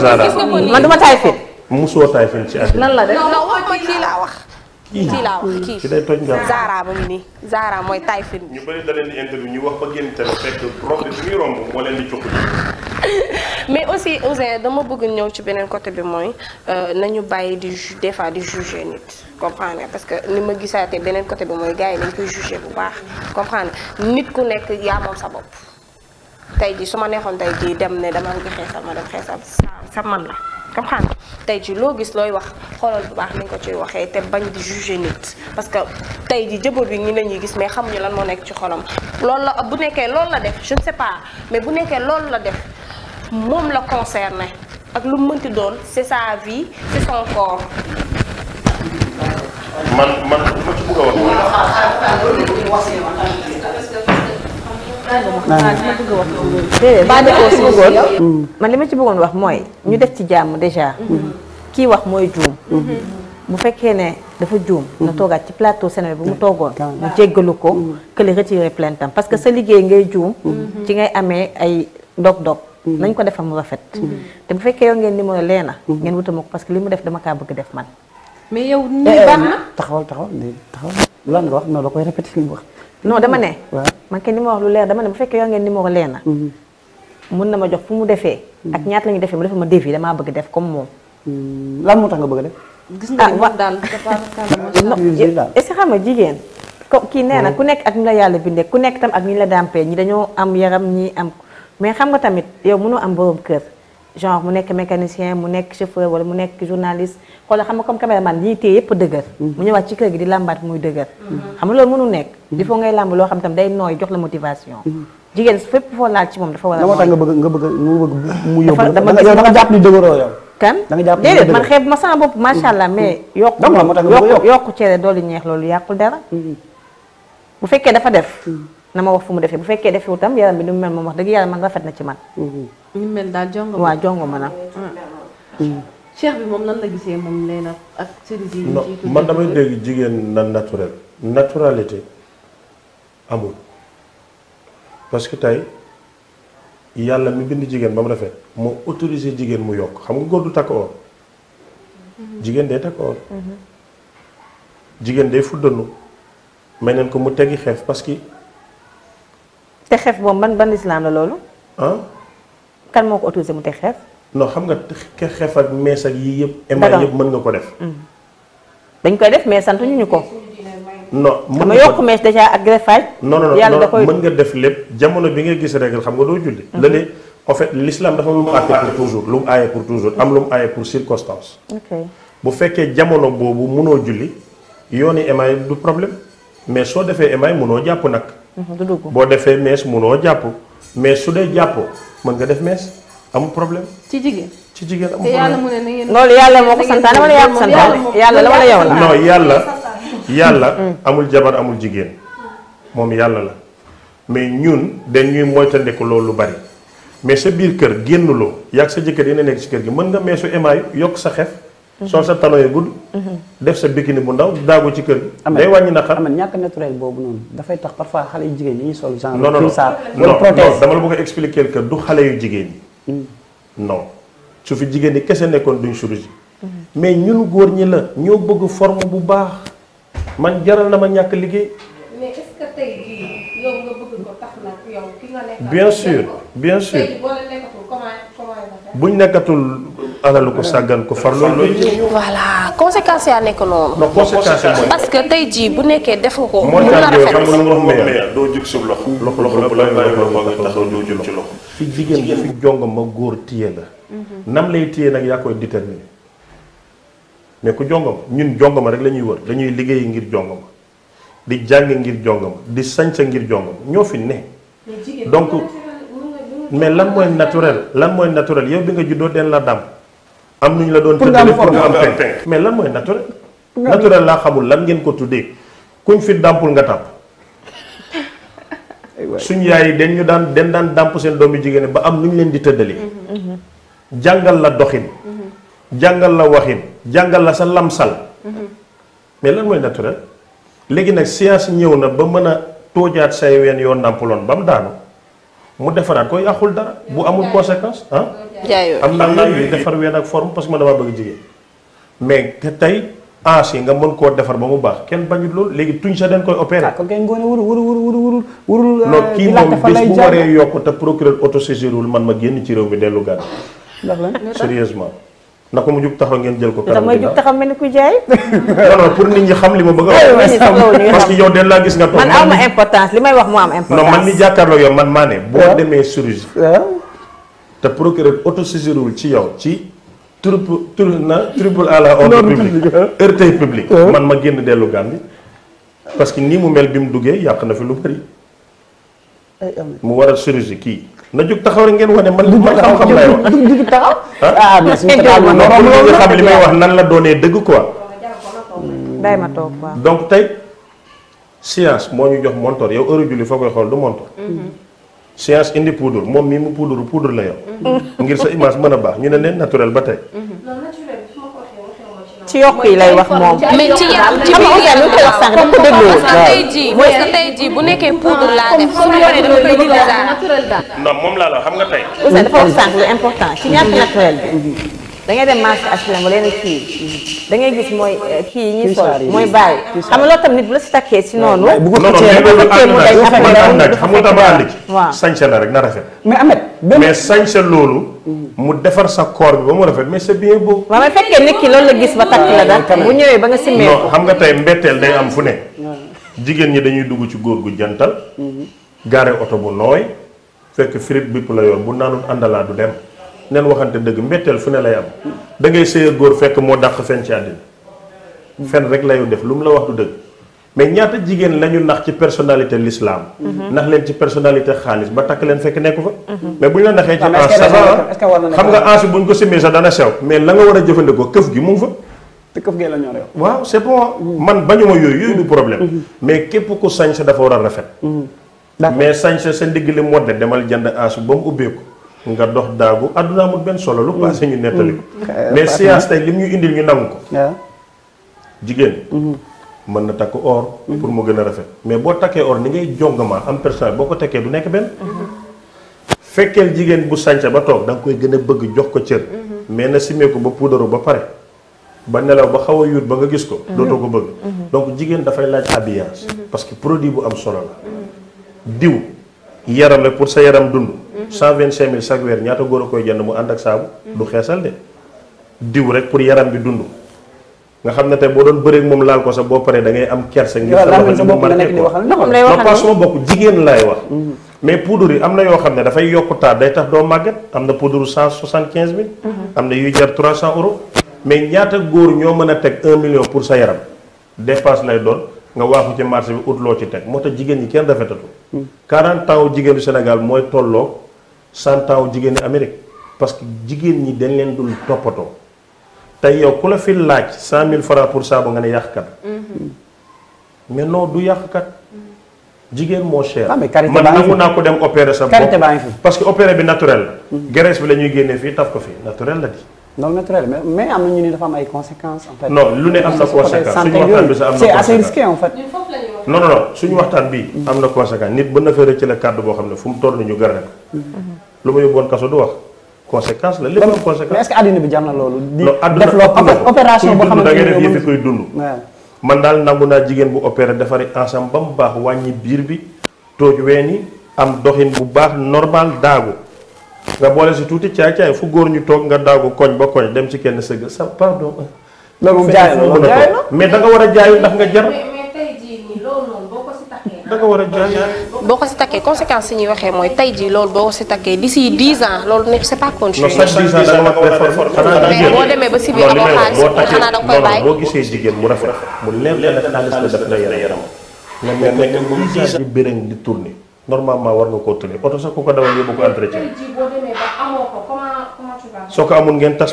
ko man du ma taay fii. musoo ci àddina. nan la def non non kii laa wax. kii mooy taay mais aussi dama bëgg ñëw ci beneen côté bi mooy euh, nañu bàyyi di ju di juger nit parce que ni ma gisaatee beneen côté bi mooy gars bu baax comprendre nit ku nekk yaa sa bopp ji su ma neexoon tey ji dem ne dama xeesal ma dem xeesal sa man la comme xam tey ci loo gis looy wax xoolal bu baax nañ ko ciy waxee te bañ di juger nit parce que tey ji jëboot bi ñi la ñuy gis mais xamuñu lan moo nekk ci xolam loolu la bu nekkee loolu la def je ne pas mais bu nekkee loolu la def moom la concerné ak lu mënti doon c'est sa vie c'est ci bëgg ba defoo si bëggoon man li ma ci bëggoon wax mooy ñu def ci jàmm déjà kii wax mooy juum bu fekkee ne dafa juum na toogaat ci plateau Sénégal bu mu toogoon mu jéggalu ko que li retiré parce que sa liggéey ngay juum ci ngay amee ay dog-dog nañ ko defam rafet te bu fekkee yow ngeen ni mooy leena ngeen wutama ko parce que li mu def dama kaa bëgg def man mais yow nii eh, eh, baax na taxawal taxawal taxawal lan nga wax noonu la koy répété li mu wax non dama ne. man kenn ni ma wax lu leer dama ne bu fekkee yor ngeen numéro leer na. Mm-hmm. mun na ma jox fu mu defee. Mm-hmm. ak ñaata la ñuy defee mu defee ma défi damaa bëgg def comme moom. Mm-hmm. lan moo tax nga bëgg def. gis nga ah, wax daal est-ce que xam nga jigéen. ko kii nee na ku nekk ak ñu la yàlla bi bindee ku nekk tam ak ñu la dàmpee ñi dañoo am yaram ñii am mais xam nga tamit yow mënoo am borom kër. genre mu nekk mécanicien mu nekk chauffeur wala mu nekk journaliste xoolal xam nga comme caméraman li ñuy téye yëpp dëgër mm-hmm. mu ñëwaat ci kër gi di làmbaat muy dëgër mm-hmm. xam nga loolu mënul nekk mm-hmm. loo xam tam day nooy jox la motivation jigéen fépp foo laal ci moom dafa war a moo tax nga bëgg nga bëgg nga bëgg mu yóbbu da nga jàpp ni dëgëroo yow kan déedéet man xeeb ma sama bopp macha allah mais yokku yokku cere doolu ñeex loolu yàqul dara bu fekkee dafa def na ma wax fu mu defee bu fekkee defewu tam yaram bi ni mu mel moom wax dëgg yàlla man rafet na ci man. Mhm. ni mel daal jongo waaw jongo ma na. Ah. Mhm. moom nan la gisee moom nee na ak service yi. non man damay dégg jigéen na naturel naturalité amul parce que tey yàlla mi bind jigéen ba mu rafet moo autorisé jigéen mu yokk xam nga góor du takk oor mhm. jigéen day takk oor jigéen day fuddanu may neen ko mu teggi xeef parce que. te xef boobu ban ban islam la loolu. kan moo ko autorisé mu teg xef. non xam nga ke xef ak mees ak yii yëpp. emaay yëpp mën nga ko def. Hmm. dañ koy def mais santuñu ñu ko. no mën nga yokk mees déjà ak greffage. non non yàlla nga def lépp jamono bi nga gis règle xam nga doo julli. la hmm. ne en dafa lu mu àtte pour toujours lu mu aaye pour toujours am lu mu aaye pour circonstance. ok bu fekkee jamono boobu mënoo julli yooni emaay du problème mais soo defee emaay munoo jàpp nag. Mhm, du dugg boo defee mees munoo jàpp mais su dee jàpp mën nga def mees amul problème. ci jigéen ci jigéen amul problème loolu yàlla moo ko santaane yàlla la wala yow la. yàlla yàlla. Mm. Mm. amul jabar amul jigéen moom yàlla la mais ñun dañuy moytandiku loolu lu bari mais sa biir kër génnuloo yàgg sa jëkkër yéen a nekk si kër gi mën nga meesu émaay yokk sa xef. sol sa talon yu gudd. def sa bikini bu ndaw daagu ci kër gi. day wàññi naqar am ñàkk naturel boobu noonu dafay tax parfois xale yu jigéen ñi ñuy sol genre. non non non dama la bëgg a xale yu jigéen ñi. Mm. su fi jigéen ñi kese nekkoon du chirurgie. mais ñun góor ñi la ñoo bëgg forme bu baax man jaral na ma ñàkk liggéey. mais est ce bien sûr bien sûr buñ nekkatul. alalu ko sàggan ko farlu loolu voilà conséquence yaa nekk noonu. non conséquence mooy parce que tey jii bu nekkee def nga ko. mun na rafet moo tax xam nga lu mais doo jug suuf loxo. loxo loxo bu la bàyyi loxo taxaw doo jug ci loxo. fi jigéen bi fi jongo ma góor téye la. Mhm. nam lay téye nag yaa koy déterminer mais ku jongoma ñun jongoma rek la ñuy wër dañuy liggéey ngir jongoma di jàng ngir jongoma di sañca ngir jongoma ñoo fi ne. donc mais lan mooy naturel lan mooy naturel yow bi nga juddoo den la dam am nuñ la doon tëddale pour nga am penk mais lan mooy naturel naturel laa xamul lan ngeen ko tuddee kuñ fi dàmpul nga tàmp suñ yaay dañ ñu daan den daan dàmp seen doom jigéen ba am ñu leen di tëddali mm-hmm, mm-hmm. jàngal la doxin mm-hmm. jàngal la waxin jàngal la sa lamsal mais lan mooy naturel léegi nag science ñëw na ba mën a toojaat say ween yoo nàmpaloon ba mu daanu mu defaraat ko yàqul dara bu amul conséquence ah. am na lan defar ween ak forme parce que man damaa bëgg jigéen mais te tey ansi nga mën koo defar ba mu baax kenn bañut loolu léegi tuñ sa den koy opéré. ah kon kay ngoone wur wur wur wur wurul. kii moom bis bu waree yokk te procureur auto wul man ma génn ci réew mi dellu gàddu. ndax lan sérieusement. ndax mu jub taxaw ngeen jël ko. kanam gi jub ni ku jaay. non non pour nit ñi xam li ma bëgg a wax. parce que yow den laa gis nga. toog man aw ma importance li may wax mu am importance. non man maa ne. boo demee chirurgie. te procureur autosaisirul ci yow ci. trouble trouble na trouble à la ordre public heurté public man ma génn dellu Gambie. parce que nii mu mel bi mu duggee yàq na fi lu bëri. mu war a chirurgie kii na jóg taxaw rek ngeen wane man li ma xam-xam lay wax du taxaw ah? Ah, xam li may wax nan la doonee dëgg ko day ma toog quoi donc tey science moo ñu jox montor yow heure julli foo koy xool du montor mm-hmm. science indi poudre moom mii mu poudre poudre la yow mm-hmm. ngir sa image mën a baax ñu ne neen naturel ba tey mm-hmm. ci yokk yi lay wax moom. mais ci yéen ci biir yéen ko wax sànq dafa ko déglu. mooy sa tey jii bu nekkee poudre laa def su ma paree dama koy dindi non moom laa la xam nga tey. Ousseyn dafa wax sànq lu important ci ñàkk naturel bi. da ngay dem marché HLM wala yeneen kii da ngay gis mooy kii yi ñuy sol mooy bàyyi xam nga loolu tam nit bu la si takkee si noonu. bu ko xëccee mu day ci. sañse la rek na rafet. mais Ameth mais sañse loolu. mu defar sa koor bi ba mu rafet mais c'est bien beau. waaw fekkee nit loolu la gis ba takk la daal bu ñëwee ba nga simmee ko. non xam nga tey mbetteel day am fu ne. jigéen ñi dañuy dugg ci góor gu jantal. gaare oto bu nooy fekk frite bipp la yor bu naanul àndalaa du dem neen waxante dëgg mbetteel fu ne lay am da ngay sëy góor fekk moo dàq fen ci àddina fen rek layu def lu mu la wax du dëgg mais ñaata jigéen la ñu nax ci personnalité l'islam mhm. nax leen ci personnalité xaalis ba takk leen fekk nekku fa mhm. mais bu ñu la naxee ci ans ça va xam bu ñu ko simee sax dana sew mais la nga war a jëfandikoo këf gi mu ngi fa te këf gee la ñoo rek waaw c'est bon man bañuma yooyu yooyu du mhm. problème mais képp ku sañse dafa war a rafet mais sañse sa ndigg li modde demal jënd ans ba mu ubbeeku nga dox daagu àdduna amul benn solo lu passé ñu nettali ko mm-hmm. Mm-hmm. mais science tey lim ñu indil ñu nangu ko jigéen mm-hmm. mën na takk or pour mu gën a rafet mais boo takkee or ni ngay jongamaa am personnel boo ko tekkee du nekk benn fekkeel jigéen bu sànca ba toog da nga koy gën a bëgg jox ko cër mais na simee ko ba puudaru ba pare ba nelaw ba xaw a yuut ba nga gis ko dootoo ko bëgg donc jigéen dafay laaj habillage parce que produit bu am solo la diw yaram rek pour sa yaram dund. cent vingt cinq mille chaque weer ñaata góor a koy jënd mu ànd ak saabu. du xeesal de diw rek pour yaram bi dund. nga xam ne tey boo doon bëreeg moom laal ko sa boo paree da ngay am kersa. ngir sa wax li mu marqué ko non pas bokk jigéen laay wax. Mm-hmm. mais poudre yi am na yoo xam ne dafay yokk taat day tax doo màgget am na poudre cent soixante quinze mille. Mm-hmm. am na yuy jar trois cent euros. mais ñaata góor ñoo mën a teg un million pour sa yaram dépasse lay doon. nga waaxu ci marché bi ut loo ci teg moo tax jigéen ñi kenn rafetatu 40 ans jigéenu Sénégal mooy tolloo 100 ans wu jigéenu Amérique parce que jigéen ñi dañ leen dul toppatoo tey yow ku la fi laaj mille francs pour saabu nga ne yàqkat. Mhm. mais non du yàqkat. Mhm. jigéen moo cher. Ah, man nangu naa ko dem opérer sa bopp. parce que opérer bi naturel la. Mhm. bi la ñuy génnee fii taf ko fii naturel la di. loolu naturel mais mais am na ñu ne dafa ay conséquences. en fait non lu ne suñu waxtaan bi am na en fait. non non suñu waxtaan bi am na conséquence nit mën na fee rëcc la kàddu boo xam ne fu mu toll ñu gërëm ko. Mm-hmm. lu ma yóbbuwoon kaso du wax. conséquence la lépp am conséquence. mais que adduna bi jar na loolu. di def loo opération boo xam ne da ngay def yëfi koy dund. man daal nangu naa jigéen bu opéré defari ensemble ba mu baax wàññi biir bi tooj ween yi am doxin bu baax normal daagu nga boole si tuuti caay caay fu góor ñu toog nga daagu koñ ba koñ dem ci kenn sëgg sa pardon. loolu moom jaay na loolu jaay na mais danga war a jaayu ndax nga jar. da nga war a jaay boo ko si takkee conséquence yi ñuy waxee mooy tey jii loolu boo ko si takkee d'ici 10 ans loolu ne c'est pas continué. non chaque demee ba si biir amoo xaalis xanaa da boo gisee jigéen mu rafet mu leer la xaalis la daf la yaram. nga mel ne di béréng di normalement war nga koo tële oto sax ku ko dawal yóbbu ko entretien. soo ko amul ngeen tas.